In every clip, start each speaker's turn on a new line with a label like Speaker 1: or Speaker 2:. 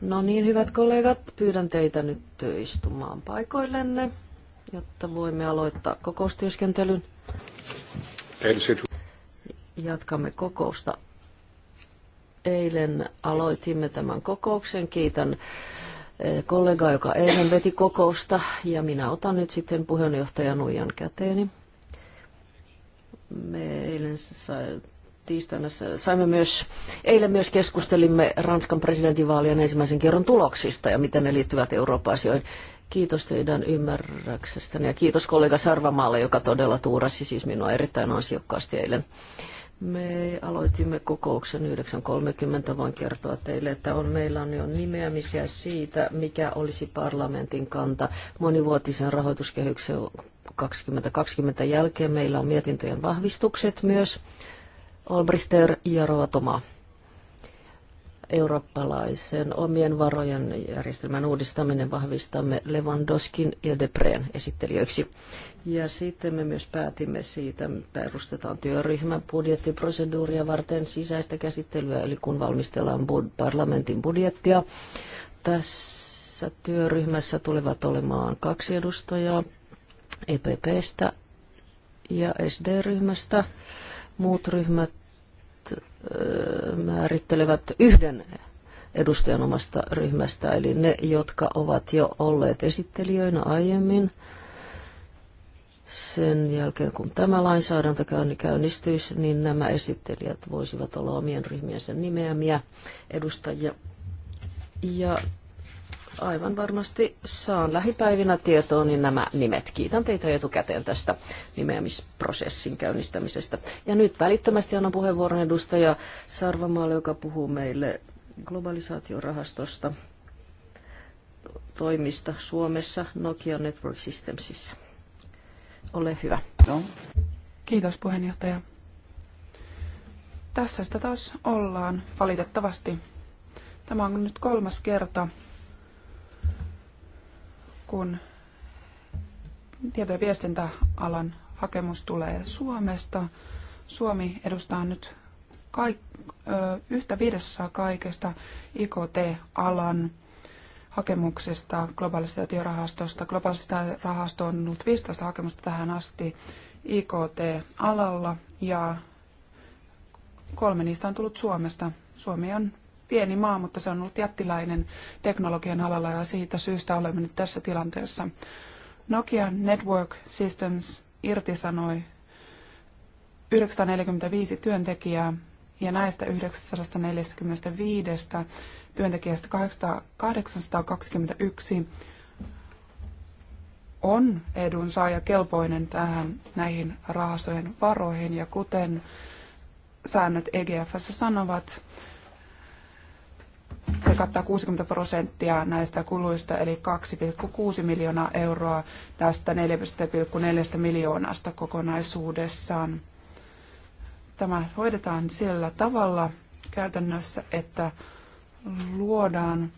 Speaker 1: No niin, hyvät kollegat, pyydän teitä nyt istumaan paikoillenne, jotta voimme aloittaa kokoustyöskentelyn. Jatkamme kokousta. Eilen aloitimme tämän kokouksen. Kiitän eh, kollegaa, joka eilen veti kokousta, ja minä otan nyt sitten puheenjohtajan Nuijan käteeni. Me eilen tiistaina saimme myös, eilen myös keskustelimme Ranskan presidentinvaalien ensimmäisen kerron tuloksista ja miten ne liittyvät Euroopan asioihin Kiitos teidän ymmärryksestäni ja kiitos kollega Sarvamaalle, joka todella tuurasi siis minua erittäin ansiokkaasti eilen. Me aloitimme kokouksen 9.30. Voin kertoa teille, että on, meillä on jo nimeämisiä siitä, mikä olisi parlamentin kanta monivuotisen rahoituskehyksen 2020 jälkeen. Meillä on mietintöjen vahvistukset myös. Albrichter ja eurooppalaisen omien varojen järjestelmän uudistaminen vahvistamme Lewandowskin ja Depreen esittelijöiksi. Ja sitten me myös päätimme siitä, perustetaan työryhmä budjettiproseduuria varten sisäistä käsittelyä, eli kun valmistellaan parlamentin budjettia. Tässä työryhmässä tulevat olemaan kaksi edustajaa EPPstä ja SD-ryhmästä Muut ryhmät määrittelevät yhden edustajan omasta ryhmästä, eli ne, jotka ovat jo olleet esittelijöinä aiemmin. Sen jälkeen, kun tämä lainsäädäntö käynnistyisi, niin nämä esittelijät voisivat olla omien ryhmiensä nimeämiä edustajia. Ja Aivan varmasti saan lähipäivinä tietooni niin nämä nimet. Kiitän teitä etukäteen tästä nimeämisprosessin käynnistämisestä. Ja nyt välittömästi annan puheenvuoron edustaja Sarvamaalle, joka puhuu meille globalisaatiorahastosta toimista Suomessa Nokia Network Systemsissa. Ole hyvä. No.
Speaker 2: Kiitos puheenjohtaja. Tässä sitä
Speaker 1: taas ollaan,
Speaker 2: valitettavasti. Tämä on nyt kolmas kerta, kun tieto- ja viestintäalan hakemus tulee Suomesta, Suomi edustaa nyt kaik, ö, yhtä viidessä kaikesta IKT-alan hakemuksista globalisaatiorahastosta. Globaalista rahasto on ollut 15 hakemusta tähän asti IKT-alalla ja kolme niistä on tullut Suomesta. Suomi on pieni maa, mutta se on ollut jättiläinen teknologian alalla ja siitä syystä olemme nyt tässä tilanteessa. Nokia Network Systems irtisanoi 945 työntekijää ja näistä 945 työntekijästä 821 on edunsaaja kelpoinen tähän näihin rahastojen varoihin ja kuten säännöt EGFssä sanovat, se kattaa 60 prosenttia näistä kuluista, eli 2,6 miljoonaa euroa tästä 4,4 miljoonasta kokonaisuudessaan. Tämä hoidetaan sillä tavalla käytännössä, että luodaan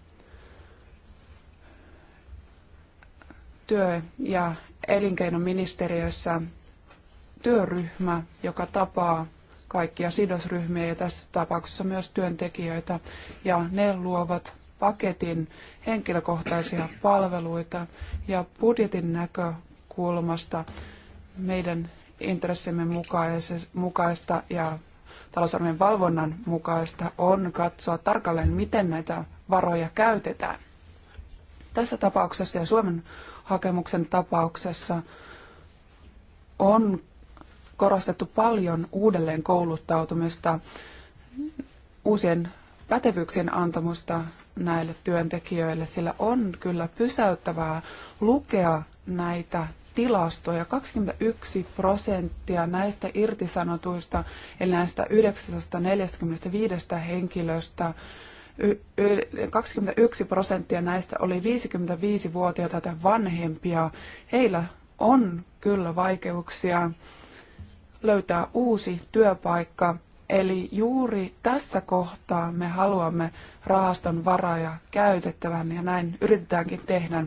Speaker 2: työ- ja elinkeinoministeriössä työryhmä, joka tapaa kaikkia sidosryhmiä ja tässä tapauksessa myös työntekijöitä. Ja ne luovat paketin henkilökohtaisia palveluita ja budjetin näkökulmasta meidän intressimme mukaista ja talousarvion valvonnan mukaista on katsoa tarkalleen, miten näitä varoja käytetään. Tässä tapauksessa ja Suomen hakemuksen tapauksessa on korostettu paljon uudelleen kouluttautumista, uusien pätevyyksien antamusta näille työntekijöille, sillä on kyllä pysäyttävää lukea näitä tilastoja. 21 prosenttia näistä irtisanotuista, eli näistä 945 henkilöstä, 21 prosenttia näistä oli 55-vuotiaita tai vanhempia. Heillä on kyllä vaikeuksia löytää uusi työpaikka. Eli juuri tässä kohtaa me haluamme rahaston varaja käytettävän ja näin yritetäänkin tehdä.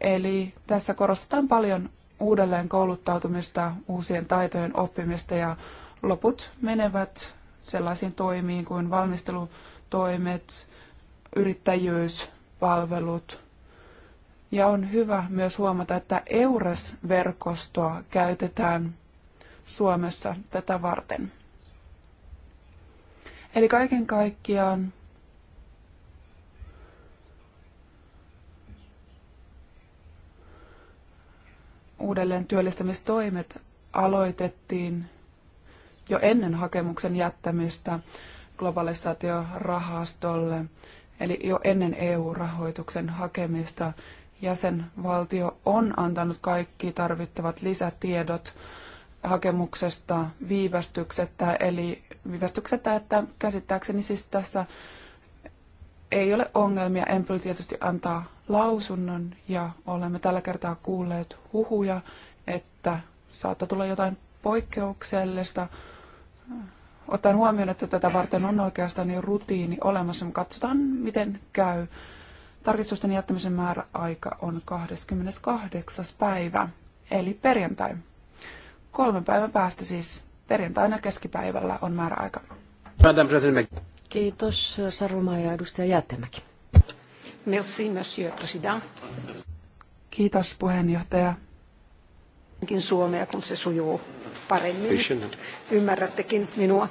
Speaker 2: Eli tässä korostetaan paljon uudelleen kouluttautumista, uusien taitojen oppimista ja loput menevät sellaisiin toimiin kuin valmistelutoimet, yrittäjyyspalvelut. Ja on hyvä myös huomata, että EURES-verkostoa käytetään Suomessa tätä varten. Eli kaiken kaikkiaan uudelleen työllistämistoimet aloitettiin jo ennen hakemuksen jättämistä globalisaatiorahastolle, eli jo ennen EU-rahoituksen hakemista jäsenvaltio on antanut kaikki tarvittavat lisätiedot hakemuksesta viivästyksettä, eli viivästyksettä, että käsittääkseni siis tässä ei ole ongelmia. Empel tietysti antaa lausunnon ja olemme tällä kertaa kuulleet huhuja, että saattaa tulla jotain poikkeuksellista. Ottaen huomioon, että tätä varten on oikeastaan jo rutiini olemassa, mutta katsotaan miten käy. Tarkistusten jättämisen määräaika on 28. päivä, eli perjantai. Kolmen päivän päästä siis perjantaina keskipäivällä on määräaika. Kiitos
Speaker 1: Saruma ja edustaja
Speaker 3: Merci, monsieur président.
Speaker 1: Kiitos puheenjohtaja.
Speaker 3: Suomea, kun se sujuu paremmin. Ymmärrättekin minua.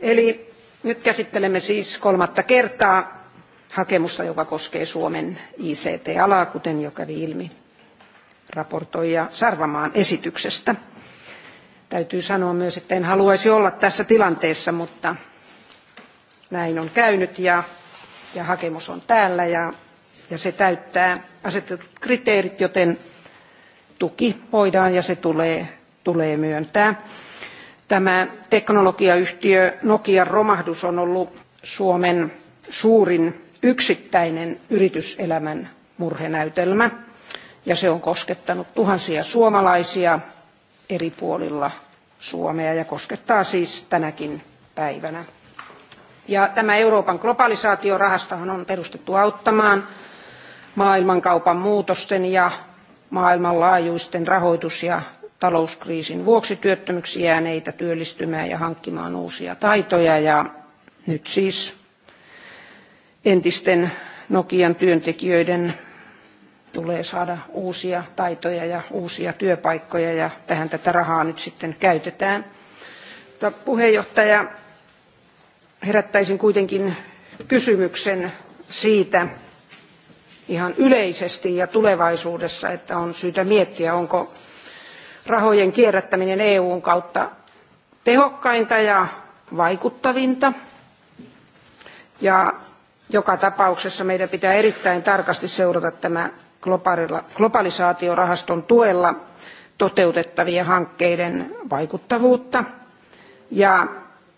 Speaker 3: Eli nyt käsittelemme siis kolmatta kertaa hakemusta, joka koskee Suomen ICT-alaa, kuten jo kävi ilmi raportoija Sarvamaan esityksestä. Täytyy sanoa myös, että en haluaisi olla tässä tilanteessa, mutta näin on käynyt ja, ja hakemus on täällä ja, ja se täyttää asetetut kriteerit, joten tuki voidaan ja se tulee, tulee myöntää. Tämä teknologiayhtiö Nokian romahdus on ollut Suomen suurin yksittäinen yrityselämän murhenäytelmä ja se on koskettanut tuhansia suomalaisia eri puolilla Suomea ja koskettaa siis tänäkin päivänä. Ja tämä Euroopan globalisaatiorahastohan on perustettu auttamaan maailmankaupan muutosten ja maailmanlaajuisten rahoitus- ja talouskriisin vuoksi työttömyksi jääneitä työllistymään ja hankkimaan uusia taitoja. Ja nyt siis entisten Nokian työntekijöiden tulee saada uusia taitoja ja uusia työpaikkoja ja tähän tätä rahaa nyt sitten käytetään. Mutta puheenjohtaja, herättäisin kuitenkin kysymyksen siitä ihan yleisesti ja tulevaisuudessa, että on syytä miettiä, onko rahojen kierrättäminen EUn kautta tehokkainta ja vaikuttavinta. Ja joka tapauksessa meidän pitää erittäin tarkasti seurata tämä globalisaatiorahaston tuella toteutettavien hankkeiden vaikuttavuutta ja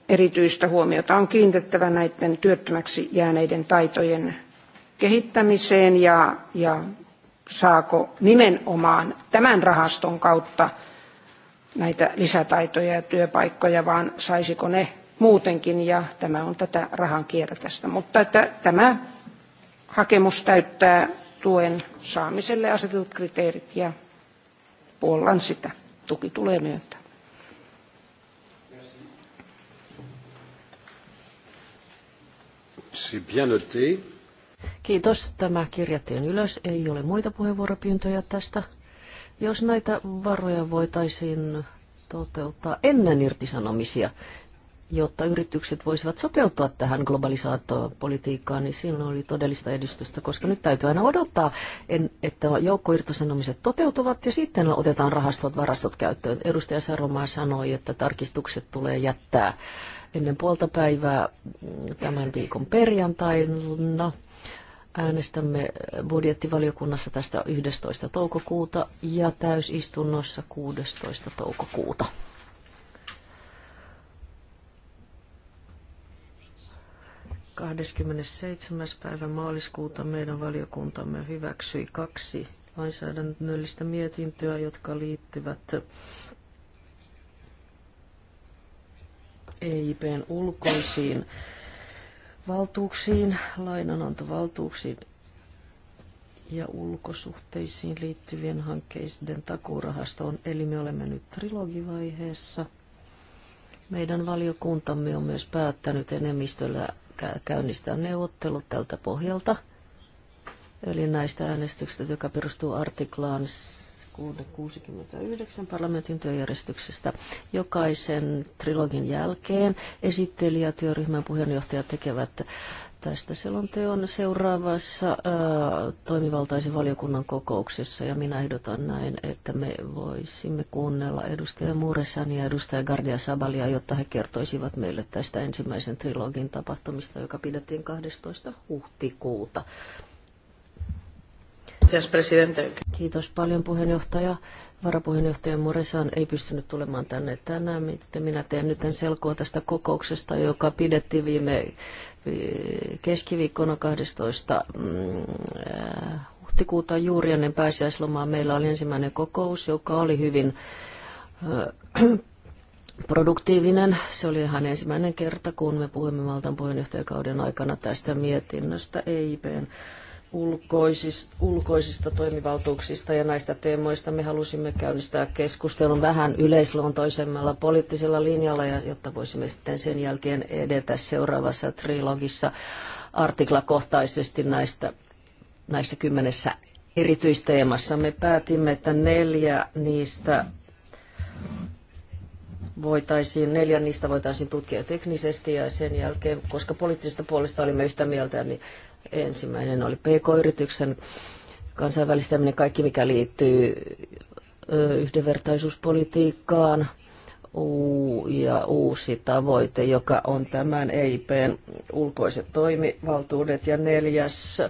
Speaker 3: erityistä huomiota on kiinnitettävä näiden työttömäksi jääneiden taitojen kehittämiseen ja, ja saako nimenomaan tämän rahaston kautta näitä lisätaitoja ja työpaikkoja, vaan saisiko ne muutenkin, ja tämä on tätä rahan kierrätästä. Mutta että tämä hakemus täyttää tuen saamiselle asetetut kriteerit ja puollan sitä. Tuki tulee myöntää.
Speaker 1: Kiitos. Tämä kirjattiin ylös. Ei ole muita puheenvuoropyyntöjä tästä. Jos näitä varoja voitaisiin toteuttaa ennen irtisanomisia, jotta yritykset voisivat sopeutua tähän globalisaatiopolitiikkaan, niin siinä oli todellista edistystä, koska nyt täytyy aina odottaa, että joukkoirtosanomiset toteutuvat ja sitten otetaan rahastot, varastot käyttöön. Edustaja Saromaa sanoi, että tarkistukset tulee jättää ennen puolta päivää mm, tämän viikon perjantaina. Äänestämme budjettivaliokunnassa tästä 11. toukokuuta ja täysistunnossa 16. toukokuuta. 27. päivä maaliskuuta meidän valiokuntamme hyväksyi kaksi lainsäädännöllistä mietintöä, jotka liittyvät EIPn ulkoisiin valtuuksiin, lainanantovaltuuksiin ja ulkosuhteisiin liittyvien hankkeiden takuurahastoon. Eli me olemme nyt trilogivaiheessa. Meidän valiokuntamme on myös päättänyt enemmistöllä käynnistää neuvottelut tältä pohjalta. Eli näistä äänestyksistä, joka perustuu artiklaan 69 parlamentin työjärjestyksestä. Jokaisen trilogin jälkeen esittelijä, työryhmän puheenjohtaja tekevät tästä selonteon seuraavassa ää, toimivaltaisen valiokunnan kokouksessa ja minä ehdotan näin, että me voisimme kuunnella edustaja Muuresan ja edustaja Gardia Sabalia, jotta he kertoisivat meille tästä ensimmäisen trilogin tapahtumista, joka pidettiin 12. huhtikuuta. Gracias, presidente. Kiitos paljon puheenjohtaja. Varapuheenjohtaja Moresan ei pystynyt tulemaan tänne tänään, miten minä teen nyt selkoa tästä kokouksesta, joka pidettiin viime keskiviikkona 12 mm, äh, huhtikuuta juuri ennen pääsiäislomaa. Meillä oli ensimmäinen kokous, joka oli hyvin äh, produktiivinen. Se oli ihan ensimmäinen kerta, kun me puhuimme Maltan puheenjohtajakauden aikana tästä mietinnöstä EIPn ulkoisista, ulkoisista toimivaltuuksista ja näistä teemoista me halusimme käynnistää keskustelun vähän yleisluontoisemmalla poliittisella linjalla, ja, jotta voisimme sitten sen jälkeen edetä seuraavassa trilogissa artiklakohtaisesti näistä, näissä kymmenessä erityisteemassa. Me päätimme, että neljä niistä voitaisiin, neljä niistä voitaisiin tutkia teknisesti ja sen jälkeen, koska poliittisesta puolesta olimme yhtä mieltä, niin Ensimmäinen oli PK-yrityksen kansainvälistäminen, kaikki mikä liittyy yhdenvertaisuuspolitiikkaan ja uusi tavoite, joka on tämän EIPn ulkoiset toimivaltuudet. Ja neljäs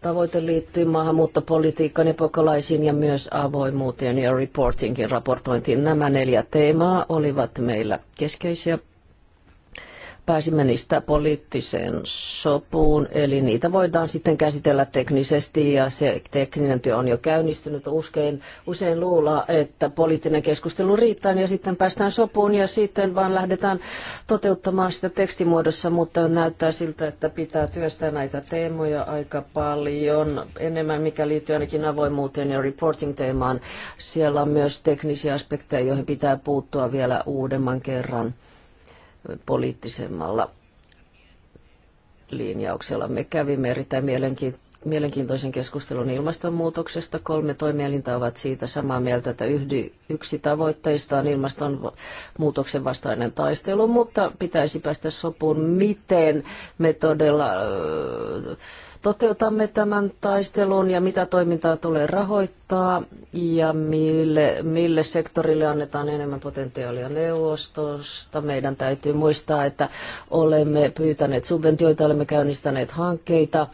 Speaker 1: tavoite liittyy maahanmuuttopolitiikkaan ja pakolaisiin ja myös avoimuuteen ja reportingin raportointiin. Nämä neljä teemaa olivat meillä keskeisiä pääsimme niistä poliittiseen sopuun, eli niitä voidaan sitten käsitellä teknisesti ja se tekninen työ on jo käynnistynyt. Usein, usein luulla, että poliittinen keskustelu riittää ja sitten päästään sopuun ja sitten vaan lähdetään toteuttamaan sitä tekstimuodossa, mutta näyttää siltä, että pitää työstää näitä teemoja aika paljon enemmän, mikä liittyy ainakin avoimuuteen ja reporting-teemaan. Siellä on myös teknisiä aspekteja, joihin pitää puuttua vielä uudemman kerran poliittisemmalla linjauksella. Me kävimme erittäin mielenkiintoista mielenkiintoisen keskustelun ilmastonmuutoksesta. Kolme toimielintä ovat siitä samaa mieltä, että yhdy, yksi tavoitteista on ilmastonmuutoksen vastainen taistelu, mutta pitäisi päästä sopuun, miten me todella toteutamme tämän taistelun ja mitä toimintaa tulee rahoittaa ja mille, mille sektorille annetaan enemmän potentiaalia neuvostosta. Meidän täytyy muistaa, että olemme pyytäneet subventioita, olemme käynnistäneet hankkeita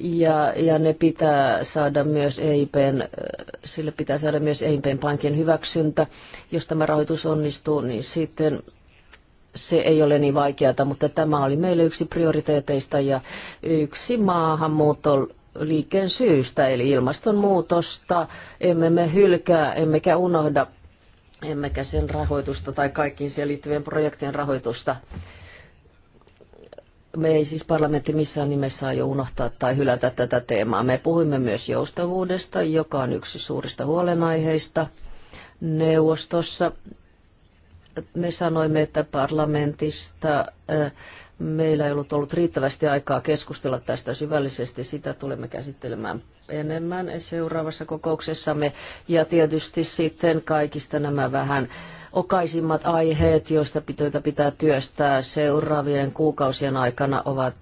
Speaker 1: ja, ja ne pitää saada myös EIPn, sille pitää saada myös EIPn pankin hyväksyntä. Jos tämä rahoitus onnistuu, niin sitten se ei ole niin vaikeata, mutta tämä oli meille yksi prioriteeteista ja yksi maahanmuuton liikkeen syystä, eli ilmastonmuutosta. Emme me hylkää, emmekä unohda, emmekä sen rahoitusta tai kaikkiin siihen liittyvien projektien rahoitusta me ei siis parlamentti missään nimessä aio unohtaa tai hylätä tätä teemaa. Me puhuimme myös joustavuudesta, joka on yksi suurista huolenaiheista neuvostossa. Me sanoimme, että parlamentista äh, meillä ei ollut ollut riittävästi aikaa keskustella tästä syvällisesti. Sitä tulemme käsittelemään enemmän seuraavassa kokouksessamme. Ja tietysti sitten kaikista nämä vähän okaisimmat aiheet, joista joita pitää työstää seuraavien kuukausien aikana, ovat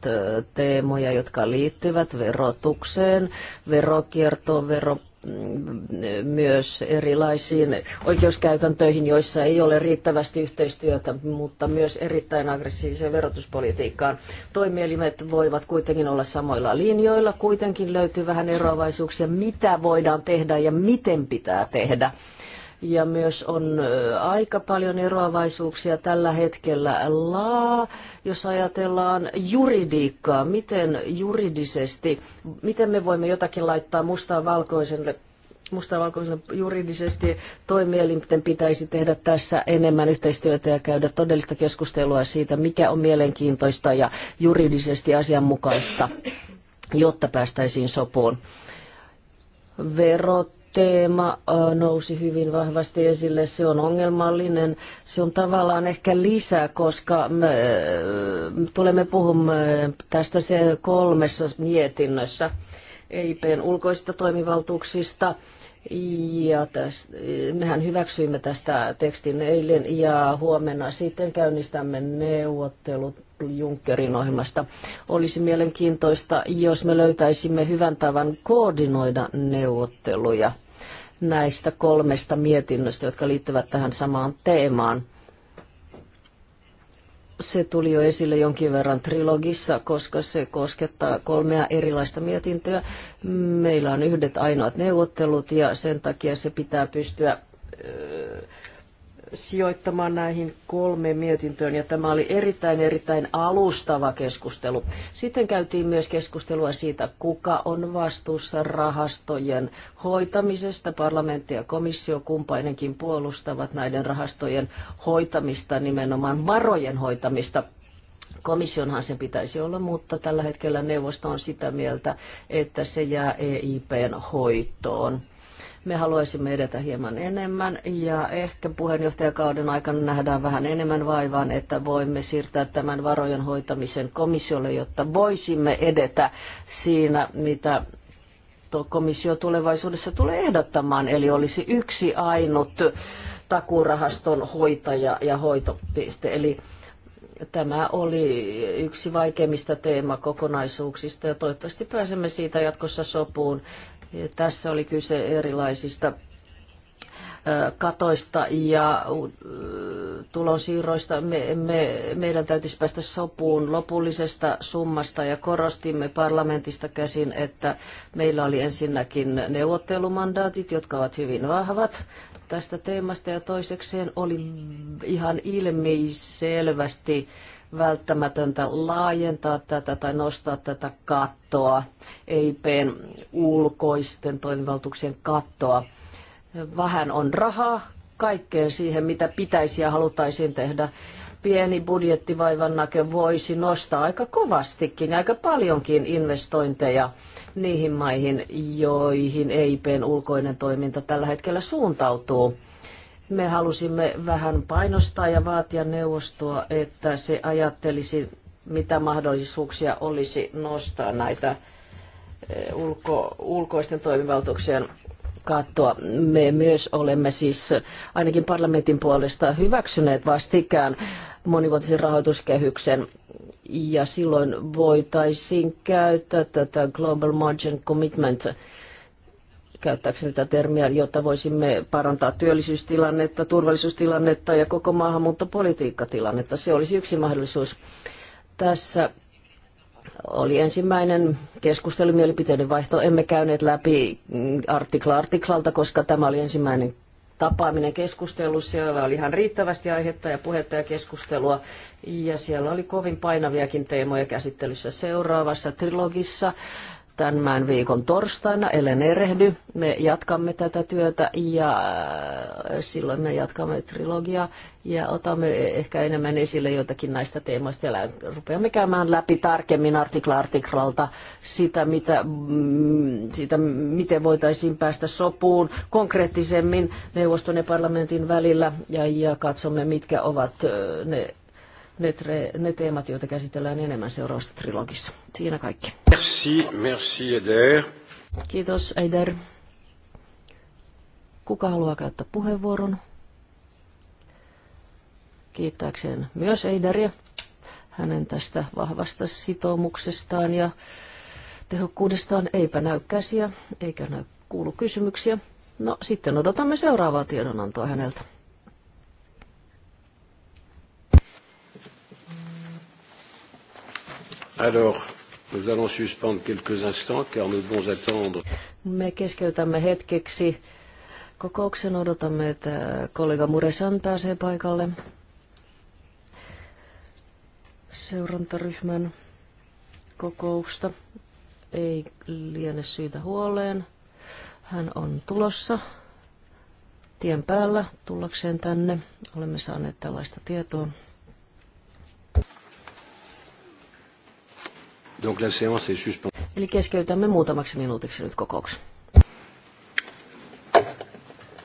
Speaker 1: teemoja, jotka liittyvät verotukseen, verokiertoon, vero mm, myös erilaisiin oikeuskäytäntöihin, joissa ei ole riittävästi yhteistyötä, mutta myös erittäin aggressiiviseen verotuspolitiikkaan. Toimielimet voivat kuitenkin olla samoilla linjoilla, kuitenkin löytyy vähän eroavaisuuksia, mitä voidaan tehdä ja miten pitää tehdä ja myös on aika paljon eroavaisuuksia tällä hetkellä. Laa, jos ajatellaan juridiikkaa, miten juridisesti, miten me voimme jotakin laittaa mustaan valkoiselle mustavalkoisella juridisesti toimielinten pitäisi tehdä tässä enemmän yhteistyötä ja käydä todellista keskustelua siitä, mikä on mielenkiintoista ja juridisesti asianmukaista, jotta päästäisiin sopuun. Verot teema nousi hyvin vahvasti esille. Se on ongelmallinen. Se on tavallaan ehkä lisä, koska me tulemme puhumaan tästä se kolmessa mietinnössä EIPn ulkoisista toimivaltuuksista. Ja tästä, mehän hyväksyimme tästä tekstin eilen ja huomenna sitten käynnistämme neuvottelut Junckerin ohjelmasta. Olisi mielenkiintoista, jos me löytäisimme hyvän tavan koordinoida neuvotteluja näistä kolmesta mietinnöstä, jotka liittyvät tähän samaan teemaan. Se tuli jo esille jonkin verran trilogissa, koska se koskettaa kolmea erilaista mietintöä. Meillä on yhdet ainoat neuvottelut ja sen takia se pitää pystyä sijoittamaan näihin kolmeen mietintöön, ja tämä oli erittäin, erittäin alustava keskustelu. Sitten käytiin myös keskustelua siitä, kuka on vastuussa rahastojen hoitamisesta. Parlamentti ja komissio kumpainenkin puolustavat näiden rahastojen hoitamista, nimenomaan varojen hoitamista. Komissionhan se pitäisi olla, mutta tällä hetkellä neuvosto on sitä mieltä, että se jää EIPn hoitoon me haluaisimme edetä hieman enemmän ja ehkä puheenjohtajakauden aikana nähdään vähän enemmän vaivaan, että voimme siirtää tämän varojen hoitamisen komissiolle, jotta voisimme edetä siinä, mitä komissio tulevaisuudessa tulee ehdottamaan, eli olisi yksi ainut takurahaston hoitaja ja hoitopiste. Eli tämä oli yksi vaikeimmista teemakokonaisuuksista ja toivottavasti pääsemme siitä jatkossa sopuun. Tässä oli kyse erilaisista katoista ja tulonsiirroista. Me, me, meidän täytyisi päästä sopuun lopullisesta summasta ja korostimme parlamentista käsin, että meillä oli ensinnäkin neuvottelumandaatit, jotka ovat hyvin vahvat tästä teemasta ja toisekseen oli ihan ilmiselvästi välttämätöntä laajentaa tätä tai nostaa tätä kattoa, EIPn ulkoisten toimivaltuuksien kattoa vähän on rahaa kaikkeen siihen, mitä pitäisi ja halutaisiin tehdä. Pieni budjettivaivannake voisi nostaa aika kovastikin ja aika paljonkin investointeja niihin maihin, joihin EIPn ulkoinen toiminta tällä hetkellä suuntautuu. Me halusimme vähän painostaa ja vaatia neuvostoa, että se ajattelisi, mitä mahdollisuuksia olisi nostaa näitä eh, ulko, ulkoisten toimivaltuuksien kattoa. Me myös olemme siis ainakin parlamentin puolesta hyväksyneet vastikään monivuotisen rahoituskehyksen ja silloin voitaisiin käyttää tätä Global Margin Commitment käyttääkseni tätä termiä, jotta voisimme parantaa työllisyystilannetta, turvallisuustilannetta ja koko maahanmuuttopolitiikkatilannetta. Se olisi yksi mahdollisuus. Tässä oli ensimmäinen keskustelu mielipiteiden vaihto. Emme käyneet läpi mm, artikla artiklalta, koska tämä oli ensimmäinen tapaaminen keskustelu. Siellä oli ihan riittävästi aihetta ja puhetta ja keskustelua. Ja siellä oli kovin painaviakin teemoja käsittelyssä seuraavassa trilogissa tämän viikon torstaina, ellen erehdy. Me jatkamme tätä työtä ja äh, silloin me jatkamme trilogiaa ja otamme ehkä enemmän esille jotakin näistä teemoista ja rupeamme käymään läpi tarkemmin artikla artiklalta sitä, mitä, mm, sitä miten voitaisiin päästä sopuun konkreettisemmin neuvoston ja parlamentin välillä ja, ja katsomme, mitkä ovat äh, ne ne, tre, ne teemat, joita käsitellään enemmän seuraavassa trilogissa. Siinä kaikki. Merci, merci Eder. Kiitos Eder. Kuka haluaa käyttää puheenvuoron? Kiittääkseen myös Eideriä hänen tästä vahvasta sitoumuksestaan ja tehokkuudestaan. Eipä näy käsiä eikä näy kuulu kysymyksiä. No sitten odotamme seuraavaa tiedonantoa häneltä.
Speaker 3: Alors, nous allons suspendre quelques instants, car nous devons attendre.
Speaker 1: Me keskeytämme hetkeksi kokouksen. Odotamme, että kollega Muresan pääsee paikalle seurantaryhmän kokousta. Ei liene syytä huoleen. Hän on tulossa tien päällä tullakseen tänne. Olemme saaneet tällaista tietoa. Eli keskeytämme muutamaksi minuutiksi nyt kokouksen.